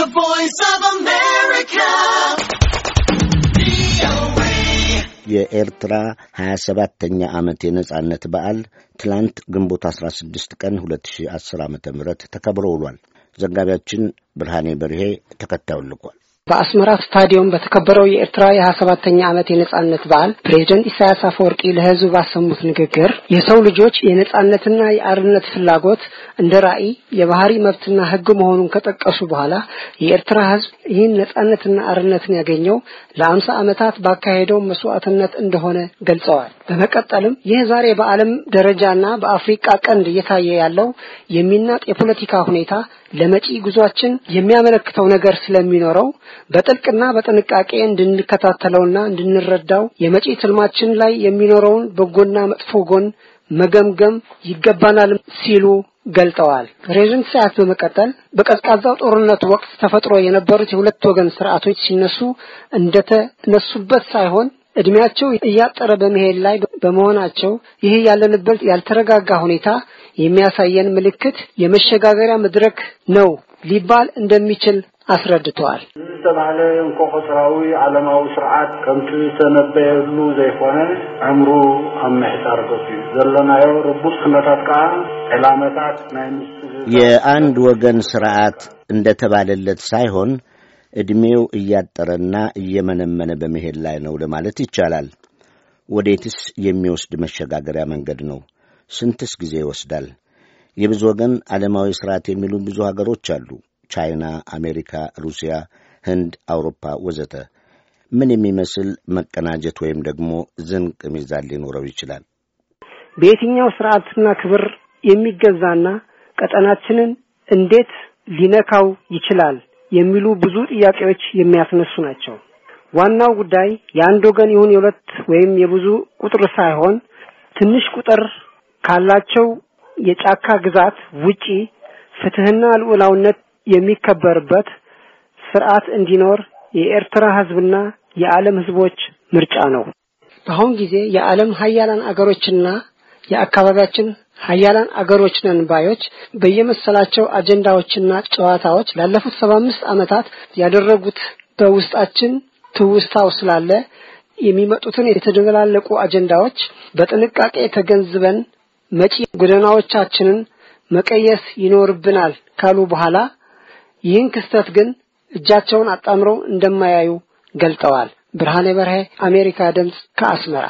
The Voice of America. የኤርትራ 27ተኛ ዓመት የነጻነት በዓል ትላንት ግንቦት 16 ቀን 2010 ዓ ም ተከብሮ ውሏል። ዘጋቢያችን ብርሃኔ በርሄ ተከታዩን ልኳል። በአስመራ ስታዲየም በተከበረው የኤርትራ የሀያ ሰባተኛ ዓመት የነጻነት በዓል ፕሬዚደንት ኢሳያስ አፈወርቂ ለህዝብ ባሰሙት ንግግር የሰው ልጆች የነጻነትና የአርነት ፍላጎት እንደ ራዕይ የባህሪ መብትና ህግ መሆኑን ከጠቀሱ በኋላ የኤርትራ ህዝብ ይህን ነጻነትና አርነትን ያገኘው ለአምሳ ዓመታት ባካሄደው መስዋዕትነት እንደሆነ ገልጸዋል። በመቀጠልም ይህ ዛሬ በዓለም ደረጃና በአፍሪቃ ቀንድ እየታየ ያለው የሚናጥ የፖለቲካ ሁኔታ ለመጪ ጉዟችን የሚያመለክተው ነገር ስለሚኖረው በጥልቅና በጥንቃቄ እንድንከታተለውና እንድንረዳው የመጪ ትልማችን ላይ የሚኖረውን በጎና መጥፎ ጎን መገምገም ይገባናል ሲሉ ገልጠዋል። ሬዥን ሰዓት በመቀጠል በቀዝቃዛው ጦርነት ወቅት ተፈጥሮ የነበሩት የሁለት ወገን ስርዓቶች ሲነሱ እንደተነሱበት ሳይሆን እድሜያቸው እያጠረ በመሄድ ላይ በመሆናቸው ይህ ያለንበት ያልተረጋጋ ሁኔታ የሚያሳየን ምልክት የመሸጋገሪያ መድረክ ነው ሊባል እንደሚችል አስረድተዋል። ዝተባህለ እንኮ ስራዊ ዓለማዊ ስርዓት ከምቲ ዝተነበየሉ ዘይኮነ ዕምሩ ኣብ ምሕፃር ገፅ እዩ ዘለናዮ ርቡስ ክነታት ከዓ ዕላመታት ናይ ምስ የአንድ ወገን ስርዓት እንደተባለለት ሳይሆን ዕድሜው እያጠረና እየመነመነ በመሄድ ላይ ነው ለማለት ይቻላል። ወዴትስ የሚወስድ መሸጋገሪያ መንገድ ነው? ስንትስ ጊዜ ይወስዳል? የብዙ ወገን ዓለማዊ ሥርዓት የሚሉን ብዙ ሀገሮች አሉ። ቻይና፣ አሜሪካ፣ ሩሲያ፣ ህንድ፣ አውሮፓ ወዘተ። ምን የሚመስል መቀናጀት ወይም ደግሞ ዝንቅ ሚዛን ሊኖረው ይችላል? በየትኛው ስርዓትና ክብር የሚገዛና ቀጠናችንን እንዴት ሊነካው ይችላል የሚሉ ብዙ ጥያቄዎች የሚያስነሱ ናቸው። ዋናው ጉዳይ የአንድ ወገን ይሁን የሁለት ወይም የብዙ ቁጥር ሳይሆን ትንሽ ቁጥር ካላቸው የጫካ ግዛት ውጪ ፍትህና ልዑላውነት የሚከበርበት ስርዓት እንዲኖር የኤርትራ ህዝብና የዓለም ህዝቦች ምርጫ ነው። በአሁን ጊዜ የዓለም ሀያላን አገሮችና የአካባቢያችን ሀያላን አገሮች ነን ባዮች በየመሰላቸው አጀንዳዎችና ጨዋታዎች ላለፉት ሰባ አምስት ዓመታት ያደረጉት በውስጣችን ትውስታው ስላለ የሚመጡትን የተደበላለቁ አጀንዳዎች በጥንቃቄ ተገንዝበን መጪ ጎደናዎቻችንን መቀየስ ይኖርብናል ካሉ በኋላ ይህን ክስተት ግን እጃቸውን አጣምረው እንደማያዩ ገልጠዋል። ብርሃኔ በርሄ፣ አሜሪካ ድምፅ ከአስመራ